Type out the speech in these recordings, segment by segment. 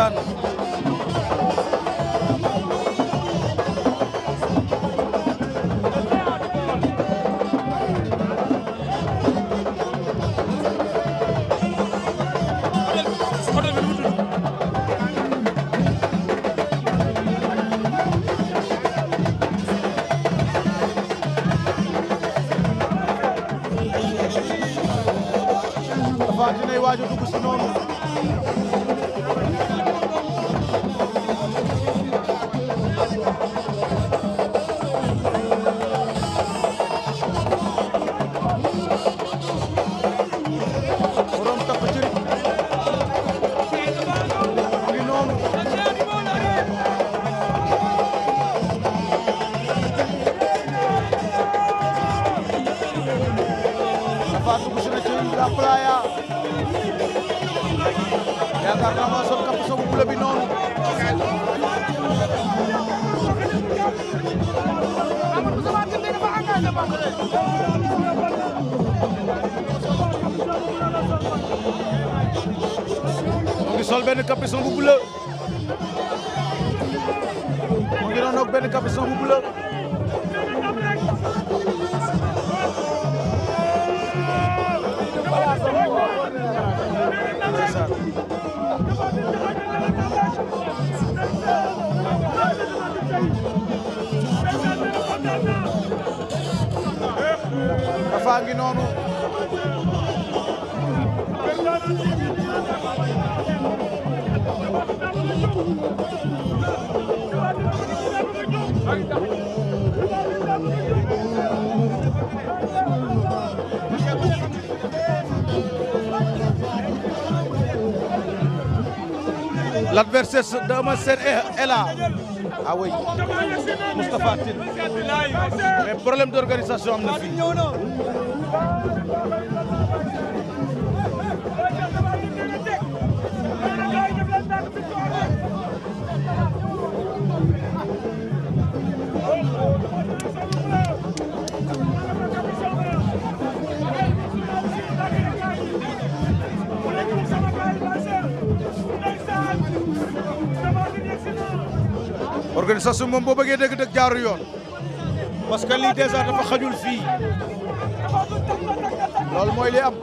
ndeysaan Fatou dinay waaj a dugg si noonu ak Playa yaakaar naa maa bi noonu mu sol benn capison bu bleu mu bu bleu ngi noonu L'adversaire de est, est là. Ah oui, Moustapha Mais problème d'organisation, sa Sassou moom boo bëggee dëgg-dëgg jaaru yoon parce que lii dèjà dafa xajul fii loolu mooy am.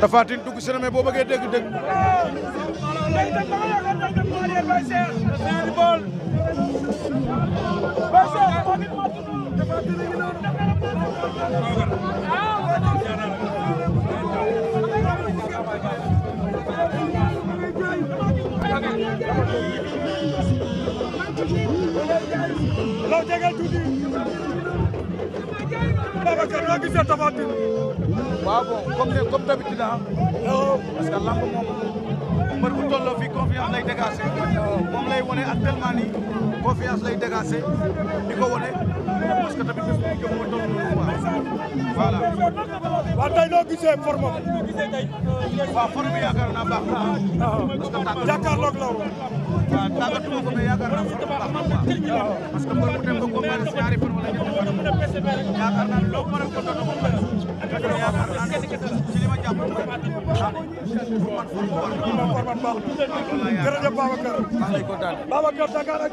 Tapha Tine si na mais boo bëggee dëgg-dëgg. law jegal tuuti Babacar noo gisee Tapha Tine waaw bon comme comme d'habitude ah. parce que lamb moom mbër bu tolloo fii confiance lay dégagé moom lay wone actuellement nii confiance lay dégagé di ko wone parce que tamit bés bu moo toll noonu quoi voilà. waaw tey noo gisee forme am. waaw forme naa baax na parce que jàkkaarloog la woon. waaw tàggatuma ko mais si ñaari forme la ñu yaakaar naa loolu mën na ko doon jàpp jërëjëf Babacar Babacar Dakar ak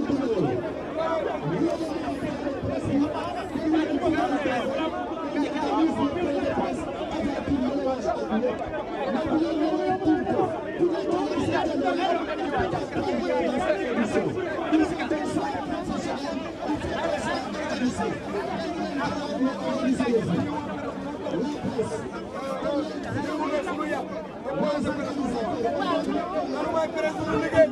Não vai querer tudo ninguém.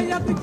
hayat